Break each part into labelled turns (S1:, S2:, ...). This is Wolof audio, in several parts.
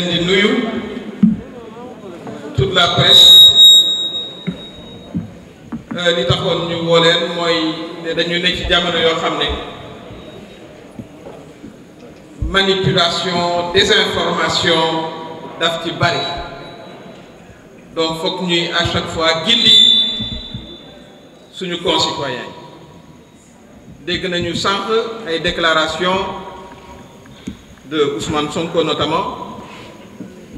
S1: leen nuyu toute la presse euh, li taxoon ñu woo mooy ne dañu nekk ci jamono yoo xam ne manipulation désinformation daf ci bari donc foog ñuy à chaque fois gindi suñu concitoyens dégg nañu sànq ay déclaration de Ousmane Sonko notamment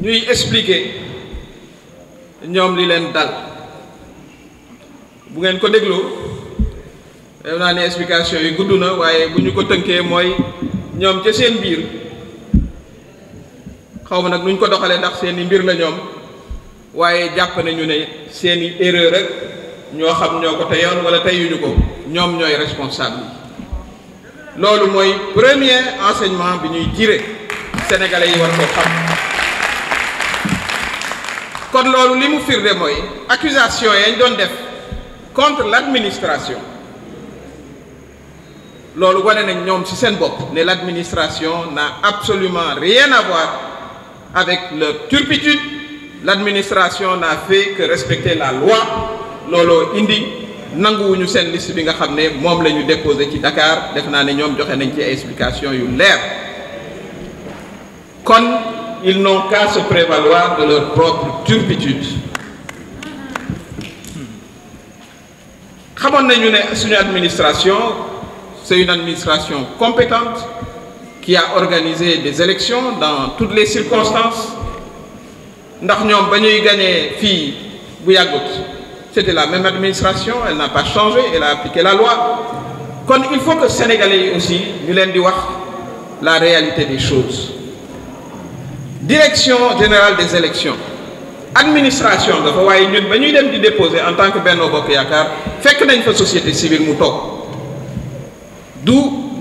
S1: ñuy expliquer ñoom li leen dal bu ngeen ko dégloo def naa ne explication yi gudd na waaye bu ñu ko tënkee mooy ñoom ca seen biir xaw ma nag nu ñu ko doxalee ndax seeni mbir la ñoom waaye jàpp nañu ne seeni erreur rek ñoo xam ñoo ko teyoon wala teyuñu ko ñoom ñooy responsable loolu mooy premier enseignement bi ñuy tiré sénégalais yi war ko xam kon loolu li mu firnde mooy accusation yañ doon def contre l'administration loolu wane nañ ñoom ci seen bopp ne l'administration n'a absolument rien à voir avec leur turpitude l'administration n'a fait que respecter la loi looloo indi nanguwuñu seen liste bi nga xam ne moom lañu ñu déposé ci Dakar def naa ne ñoom joxe nañ ci explication yu leer kon ils n'ont qu'à se prévaloir de leur propre turpitude xamoon nañu ne suñu administration c'est une administration compétente qui a organisé des élections dans toutes les circonstances ndax ñoom ba ñuy gagné fii bu yàggut c'était la même administration elle n'a pas changé elle a appliqué la loi kon il faut que sénégalais yi aussi ñu leen di wax la réalité des choses direction générale des élections administration dafa waaye ñun ba ñuy dem di déposé en tant que Benno Bokk Yaakaar fekk nañ fa société civile mu toog du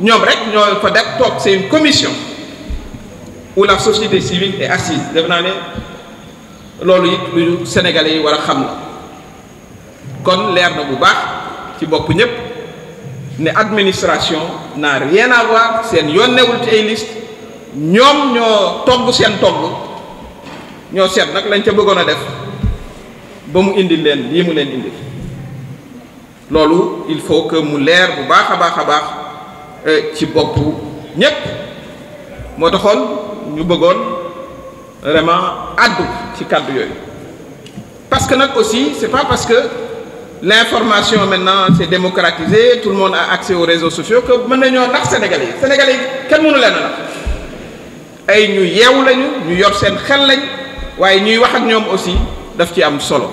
S1: ñoom rek ñoo fa def toog c'est commission où la société civile est assise def naa ne loolu it lu Sénégalais yi war a xam la kon leer na bu baax ci bopp ñépp ne administration n'a rien à voir seen yoon newul ci ay ñoom ñoo togg seen togg ñoo seet nag lañ ca bëggoon a def ba mu indi leen lii mu leen indi loolu il faut que mu leer bu baax a baax a baax euh, ci boppu ñépp moo taxoon ñu bëggoon vraiment àddu ci kàddu yooyu parce que nag aussi c'est pas parce que l'information maintenant c'est démocratisé tout le monde a accès aux réseaux sociaux que mën nañoo nax sénégalais yi sénégalais yi kenn mënu leen ay ñu yeewu lañu ñu yor seen xel lañ waaye ñuy wax ak ñoom aussi daf ci am solo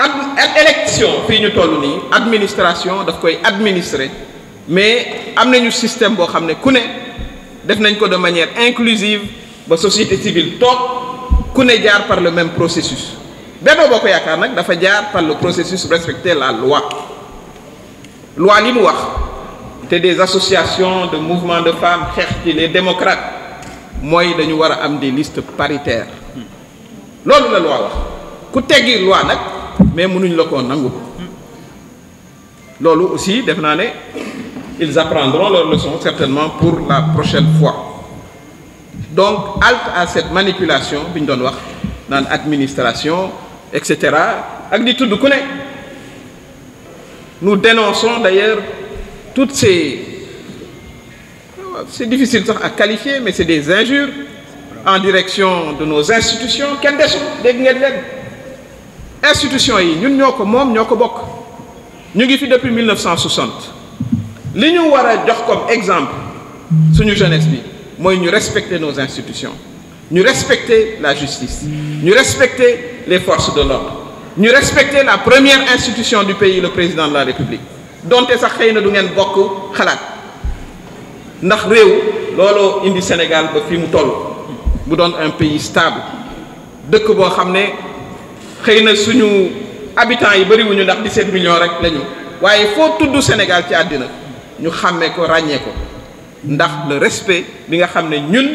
S1: ak ak fii ñu toll nii administration daf koy administrer mais am nañu système boo xam ne ku ne def nañ ko de manière inclusive ba société civile toog ku ne jaar par le même processus Benno Bokk Yaakaar nag dafa jaar par le processus respecter la loi loi li mu wax te des associations de mouvements de femmes xeex ci les démocrates mooy dañu war a am des listes paritaires loolu la loi wax ku teggi loi nag mais mënuñ la koo nangu loolu aussi def naa ne ils apprendront leur leçon certainement pour la prochaine fois donc halte à cette manipulation bi ñu doon wax naan administration et cetera ak di tudd ku ne nous dénonçons d'ailleurs toutes ces euh, c'est difficile sax à qualifier mais c'est des injures en direction de nos institutions kenn desul des ngeen leen institutions yi ñun ñoo ko moom ñoo ko bokk ñu ngi fi depuis 1960 li ñu war a jox comme exemple suñu jeunesse bi mooy ñu respecter nos institutions ñu respecter la justice ñu respecter les forces de l'ordre ñu respecter la première institution du pays le président de la République donte sax xëy na du ngeen bokk xalaat ndax réew looloo indi Sénégal ba fi mu toll bu doon un pays stable dëkk boo xam ne xëy na suñu habitants yi bëriwuñu ndax 17 millions rek lañu waaye foo tudd Sénégal ci àddina ñu xàmmee ko ràññee ko ndax le respect bi nga xam ne ñun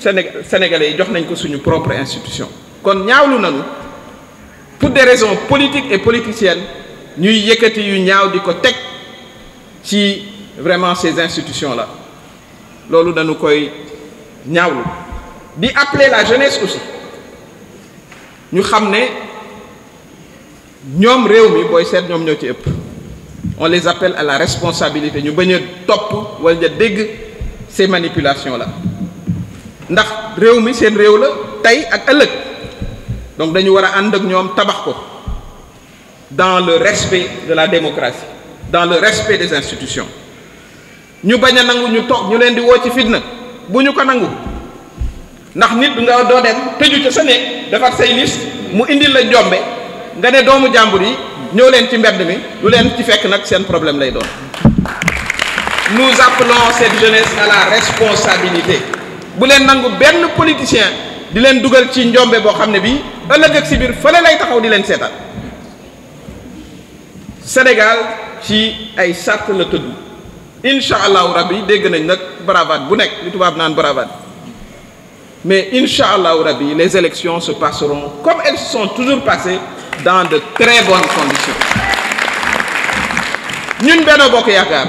S1: Sénégal sénégalais jox nañ ko suñu propre institution. kon ñaawlu nañu pour des raisons politiques et politiciennes. ñuy yëkkati yu ñaaw di ko teg ci vraiment ces institutions la loolu dañu koy ñaawlu bi appeler la jeunesse aussi ñu xam ne ñoom réew mi booy seet ñoom ñoo ci ëpp on les appelle à la responsabilité ñu bañ a topp wala dégg ces manipulations la ndax réew mi seen réew la tey ak ëllëg donc dañu war a ànd ak ñoom tabax ko dans le respect de la démocratie dans le respect des institutions ñu bañ a nangu ñu toog ñu leen di woo ci fitna bu ñu ko nangu ndax nit nga doo dem tëju ca sa néeg defar say liste mu indi la njombe nga ne doomu jàmbur yi ñëw leen ci mbedd mi lu leen ci fekk nag seen problème lay doon nous appelons cette jeunesse à la responsabilité bu leen nangu benn politicien di leen dugal ci njombe boo xam ne bii ëllëg ak si biir fële lay taxaw di leen seetaan Sénégal ci ay sart la tëdd incha allahu rabbi dégg nañ nag bravade bu nekk li tubaab naan bravade mais incha allahu rabbi les élections se passeront comme elles se sont toujours passées dans de très bonnes conditions ñun Benno Bokk Yaakaar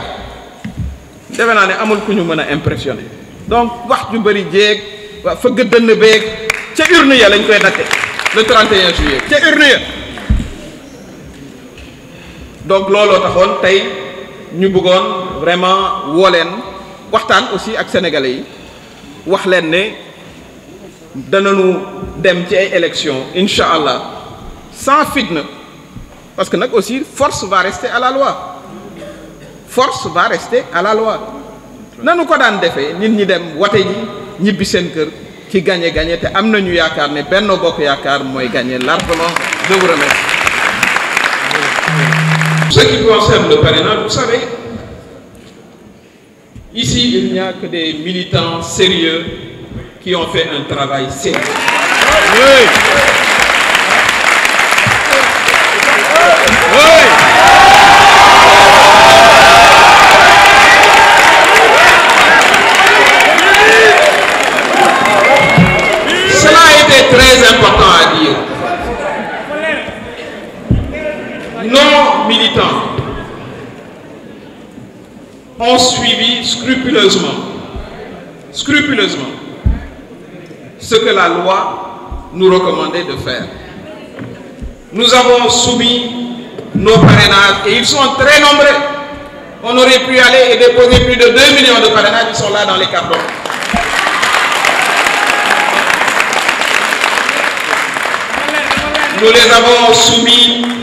S1: defe naa ne amul ku ñu mën a impressionné donc wax ju bëri jéeg waa fëgg dënn beeg ca urne ya lañ koy natte le 31 juillet ca urne ya donc looloo taxoon tey ñu bëggoon vraiment woo leen waxtaan aussi ak sénégalais yi wax leen ne danañu dem ci ay élections incha allah sans fitna parce que nag aussi force va rester à la loi force va rester à la loi nanu ko daan defee nit ñi dem wate ji ñibbi seen kër ci gagné gagné te am nañu yaakaar ne Benno Bokk Yaakaar mooy gagné largement je vous Ce qui concerne le parrainage, vous savez, ici, il n'y a que des militants sérieux qui ont fait un travail sérieux. Oui. très important à dire. Non grands militants ont suivi scrupuleusement, ce que la loi nous recommandait de faire. Nous avons soumis nos parrainages et ils sont très nombreux. On aurait pu aller et déposer plus de 2 millions de parrainages qui sont là dans les cartons. Nous les avons soumis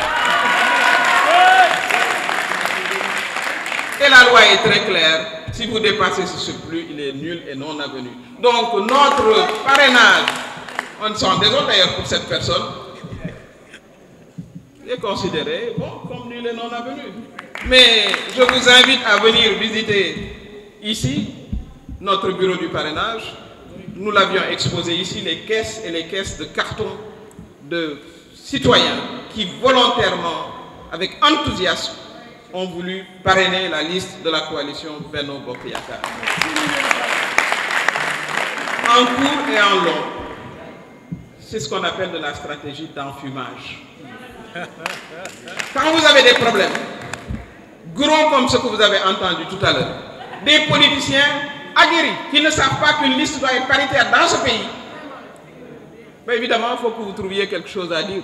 S1: Et la loi est très claire. Si vous dépassez ce surplus, il est nul et non avenu. Donc notre parrainage, on s'en désolé d'ailleurs pour cette personne, est considéré bon, comme nul et non avenu. Mais je vous invite à venir visiter ici notre bureau du parrainage. Nous l'avions exposé ici, les caisses et les caisses de carton de citoyens qui volontairement, avec enthousiasme, ont voulu parrainer la liste de la coalition Benno Bokk Yakaar en court et en long c'est ce qu'on appelle de la stratégie d'enfumage quand vous avez des problèmes gros comme ce que vous avez entendu tout à l'heure des politiciens aguerris qui ne savent pas qu'une liste doit être paritaire dans ce pays évidemment il faut que vous trouviez quelque chose à dire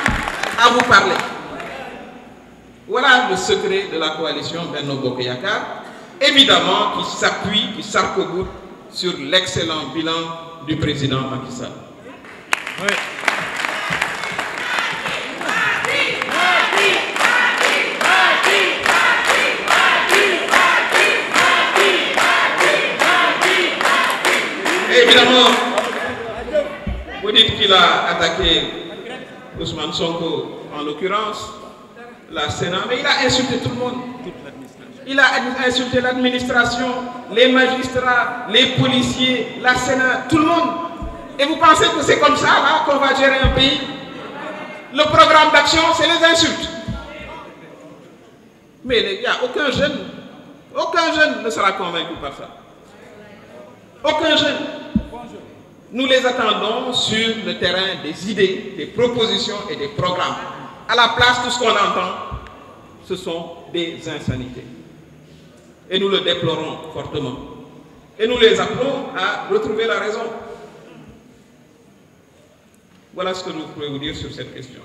S1: à vous parler. Voilà le secret de la coalition Benno Bokk évidemment qui s'appuie, qui s'arc-boute sur l'excellent bilan du président Macky Sall. Oui. Évidemment, vous dites qu'il attaqué Ousmane Sonko, en l'occurrence, la Sénat, mais il a insulté tout le monde. Il a insulté l'administration, les magistrats, les policiers, la Sénat, tout le monde. Et vous pensez que c'est comme ça, là, qu'on va gérer un pays Le programme d'action, c'est les insultes. Mais les gars, aucun jeune, aucun jeune ne sera convaincu par ça. Aucun jeune. Nous les attendons sur le terrain des idées, des propositions et des programmes. À la place, tout ce qu'on entend, ce sont des insanités. Et nous le déplorons fortement. Et nous les appelons à retrouver la raison. Voilà ce que nous pouvons vous dire sur cette question.